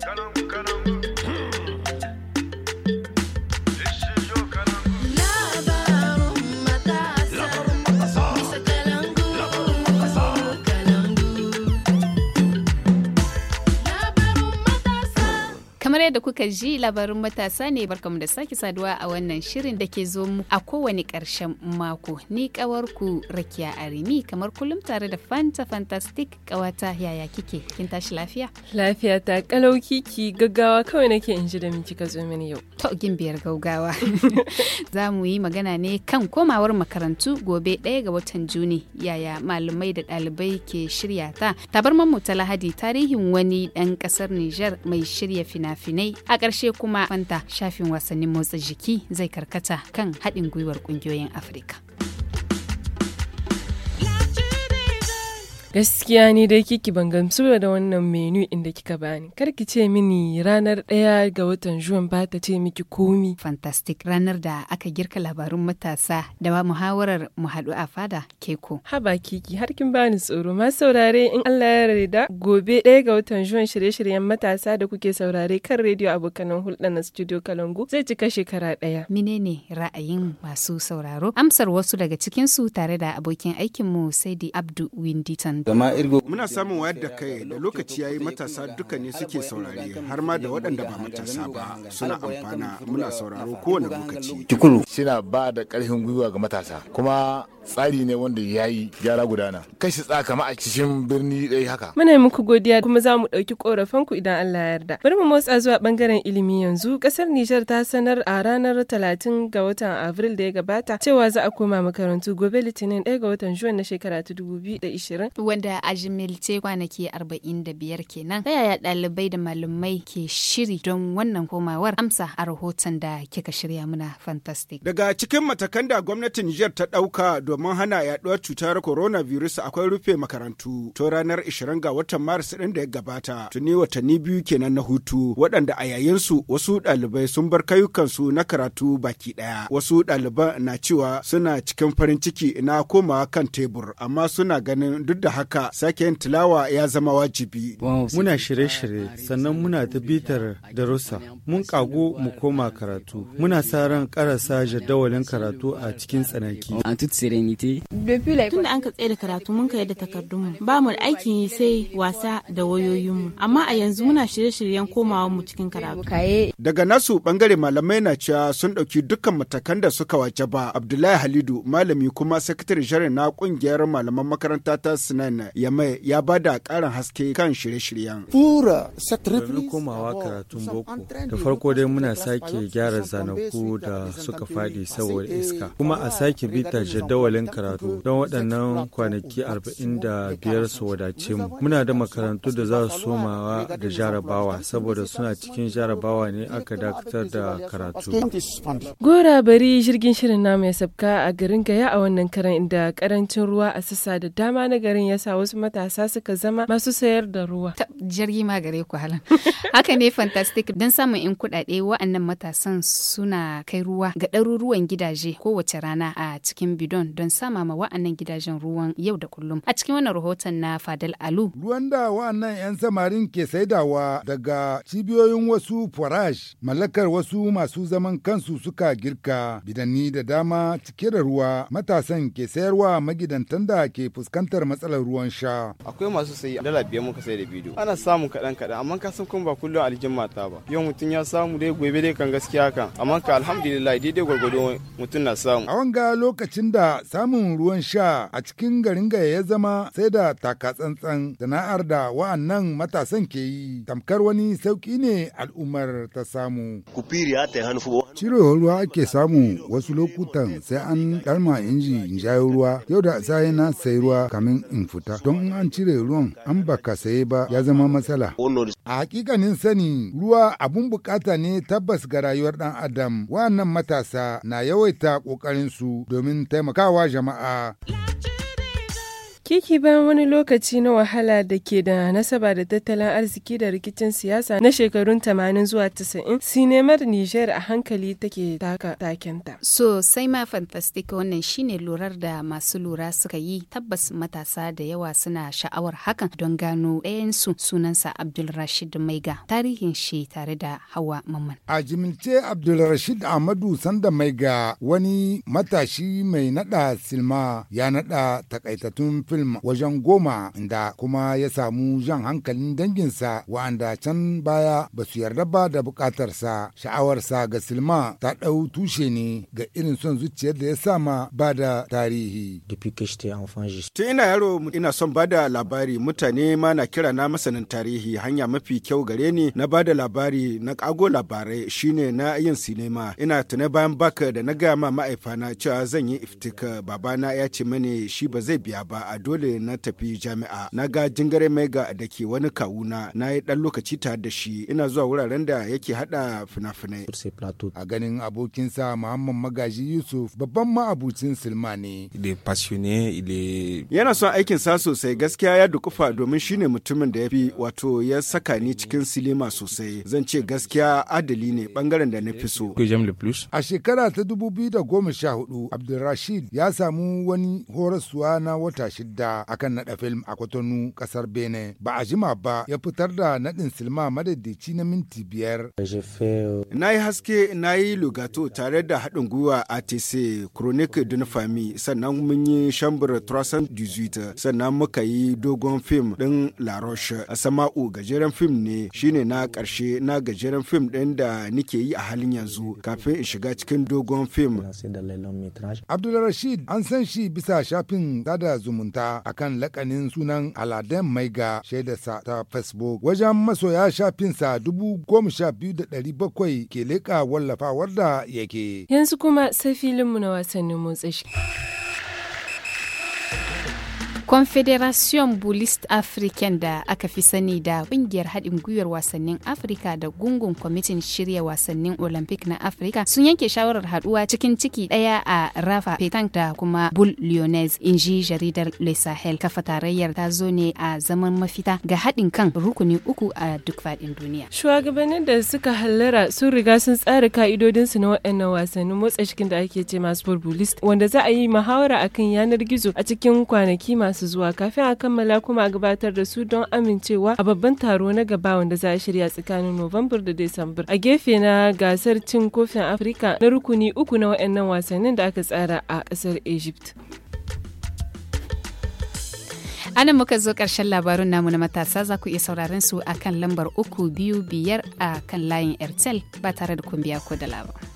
Caramba, caramba. kamar yadda kuka ji labarin matasa ne barkamu da sake saduwa a wannan shirin da ke zo mu a kowane ƙarshen mako ni kawarku rakiya arimi kamar kullum tare da fanta fantastic kawata yaya kike kin tashi lafiya lafiya ta kalau kiki gaggawa kawai nake in ji da miki ka zo mini yau to biyar gaugawa za mu yi magana ne kan komawar makarantu gobe ɗaya ga watan juni yaya malamai da ɗalibai ke shirya ta tabarman mu ta lahadi tarihin wani ɗan ƙasar niger mai shirya fina finai a ƙarshe kuma fanta shafin wasannin motsa jiki zai karkata kan haɗin gwiwar ƙungiyoyin afirka Gaskiya ne dai kiki ban gamsu da wannan menu inda kika bani. Kar ki ce mini ranar ɗaya ga watan Juwan ba ta ce miki komi. Fantastic ranar da aka girka labarun matasa da ba muhawarar mu haɗu a fada keko. Haba kiki har kin bani tsoro ma saurare in Allah ya yarda gobe ɗaya ga watan Juwan shirye-shiryen matasa da kuke saurare kan rediyo abokanan hulɗa na studio Kalangu zai cika shekara ɗaya. Menene ra'ayin masu sauraro? Amsar wasu daga cikin su tare da abokin aikinmu Saidi Abdu Winditon. Muna samun wayar da kai da lokaci yayi matasa duka ne suke saurare har ma da waɗanda ba matasa ba suna amfana muna sauraro kowane lokaci. Tukuru suna ba da ƙarfin gwiwa ga matasa kuma tsari ne wanda ya yi gyara gudana. Kashi tsaka ma a cikin birni ɗaya haka. Muna muku godiya kuma za mu ɗauki ƙorafanku idan Allah ya yarda. Bari mu motsa zuwa ɓangaren ilimi yanzu. Ƙasar Nijar ta sanar a ranar talatin ga watan afril da ya gabata cewa za a koma makarantu gobe Litinin ɗaya ga watan Juwan na shekara ta dubu wanda a jimilce kwanaki biyar kenan ta yaya dalibai da malamai ke shiri don wannan komawar amsa a rahoton da kika shirya muna fantastic daga cikin matakan da gwamnatin Nijar ta ɗauka domin hana yaduwar cutar corona virus akwai rufe makarantu to ranar 20 ga watan maris ɗin da ya gabata tuni watanni biyu kenan na hutu waɗanda a yayinsu wasu ɗalibai sun bar kayukansu na karatu baki ɗaya wasu ɗaliban na cewa suna cikin farin ciki na komawa kan tebur amma suna ganin duk da haka sake yin tilawa ya zama wajibi. Muna shirye-shirye sannan muna ta bitar darussa. Mun kago mu koma karatu. Muna sa ran karasa jadawalin karatu a cikin tsanaki. Tunda an ka da karatu mun ka yadda da takardunmu. Ba mu da aikin yi sai wasa da wayoyinmu. Amma a yanzu muna shirye-shiryen komawa mu cikin karatu. Daga nasu bangare malamai na cewa sun ɗauki dukkan matakan da suka wace ba. Abdullahi Halidu malami kuma sakatare jarin na kungiyar malaman makaranta ta Sinai nan ya mai ya bada karin haske kan shirye-shiryen. Fura komawa karatun boko da farko dai muna sake gyara zanaku da suka fadi saboda iska kuma a sake bita jadawalin karatu don waɗannan kwanaki arba'in da biyar su wadace mu. Muna da makarantu da za su somawa da jarabawa saboda suna cikin jarabawa ne aka dakatar da karatu. Gora bari jirgin shirin namu ya sabka a garin Gaya a wannan karan inda karancin ruwa a sassa da dama na garin ya sa wasu matasa suka zama masu sayar da ruwa. Jirgi ma gare ku halin. Haka ne fantastic don samun in kuɗaɗe wa'annan matasan suna kai ruwa ga ɗaruruwan gidaje kowace rana a cikin bidon don sama ma wa'annan gidajen ruwan yau da kullum. A cikin wannan rahoton na Fadal Alu. Ruwan da wa'annan 'yan samarin ke saidawa daga cibiyoyin wasu forage mallakar wasu masu zaman kansu suka girka bidanni da dama cike da ruwa matasan ke sayarwa magidantan da ke fuskantar matsalar ruwan sha. Akwai masu sayi dala biyar muka sai da bidiyo. Ana samun kaɗan kaɗan amma ka san kuma ba kullum aljin mata ba. Yau mutum ya samu dai gobe dai kan gaskiya kan amma ka alhamdulillah daidai gwargwado mutum na samu. A wanga lokacin da samun ruwan sha a cikin garin gaya ya zama sai da taka tsantsan sana'ar da wa'annan matasan ke yi tamkar wani sauki ne al'ummar ta samu. ya Cire ruwa ake samu wasu lokutan sai an ɗarma inji in ruwa yau da sai na sai ruwa kamin in fita. fita don an cire ruwan an baka saye ba ya zama matsala. A hakikanin sani ruwa abun bukata ne tabbas ga rayuwar dan adam wannan matasa na yawaita kokarin su domin taimakawa jama'a. Kiki bayan wani lokaci na wahala da ke da nasaba da tattalin arziki da rikicin siyasa na shekarun tamanin zuwa 90, sinemar Niger a hankali take taka takenta. So sai ma fantastic wannan shine lurar da masu lura suka yi tabbas matasa da yawa suna sha'awar hakan don gano ɗayansu sunansa Abdul Rashid Maiga tarihin shi tare da Hawa Mamman. A jimilce Abdul Rashid Ahmadu Sanda Maiga wani matashi mai nada silma ya nada takaitattun fil film wajen goma da kuma ya samu jan hankalin danginsa wa'anda can baya ba su yarda ba da bukatarsa sha'awarsa ga silma ta ɗau tushe ne ga irin son zuciyar da ya sama ba da tarihi. Tun ina yaro ina son ba da labari mutane ma na kira na masanin tarihi hanya mafi kyau gare ni na ba da labari na kago labarai shine na yin sinema ina tuna bayan baka da na gaya ma ma'aifana cewa zan yi iftika babana ya ce mani shi ba zai biya ba a dole na tafi jami'a na ga jingare mai ga da ke wani kawuna na yi dan lokaci tare da shi ina zuwa wuraren da yake hada fina-finai a ganin abokinsa muhammad magaji yusuf babban ma'abucin silma ne yana son aikin sa sosai gaskiya ya dukufa domin shine mutumin da ya fi wato ya saka ni cikin silima sosai zan ce gaskiya adali ne bangaren da na fi so a shekara ta biyu da goma sha hudu abdulrashid ya samu wani horaswa na wata shida da akan nada film a kwatannu kasar Benin ba a jima ba ya fitar da nadin silma madadici na minti biyar. Euh, na yi haske na yi lugato tare da haɗin gwiwa ATC Chronic famille sannan mun yi Chambre 318 sannan muka yi dogon fim ɗin La Roche a sama'u gajeren fim ne shine na ƙarshe na gajeren fim ɗin da nike yi a halin yanzu kafin in shiga cikin dogon fim. rashid an san shi bisa shafin sada zumunta ta kan lakanin sunan Aladen mai ga shaidarsa ta Facebook. Wajen masoya shafinsa dubu goma sha biyu da ɗari bakwai ke leƙa wallafawar da yake. Yanzu kuma sai filinmu na wasannin motsa shi. Confederation Bullist African da aka fi sani da kungiyar haɗin gwiwar wasannin Afirka da gungun kwamitin shirya wasannin Olympic na Afirka sun yanke shawarar haɗuwa cikin ciki ɗaya a Rafa Petang da kuma Bull lyonnais in jaridar Le Sahel kafa tarayyar ta zo ne a zaman mafita ga haɗin kan rukuni uku a duk faɗin duniya. Shugabannin da suka hallara sun riga sun tsara su na waɗannan wasannin motsa cikin da ake ce masu Bullist wanda za a yi muhawara akan yanar gizo a cikin kwanaki masu masu zuwa kafin a kammala kuma a gabatar da su don amincewa a babban taro na gaba wanda za a shirya tsakanin Nuwambar da Desambar. A gefe na gasar cin kofin Afirka na rukuni uku na waɗannan wasannin da aka tsara a ƙasar Egypt. anan muka zo ƙarshen labarun namu na matasa za ku iya sauraron su a kan lambar uku biyu biyar a kan layin airtel ba tare da kun ko da labar.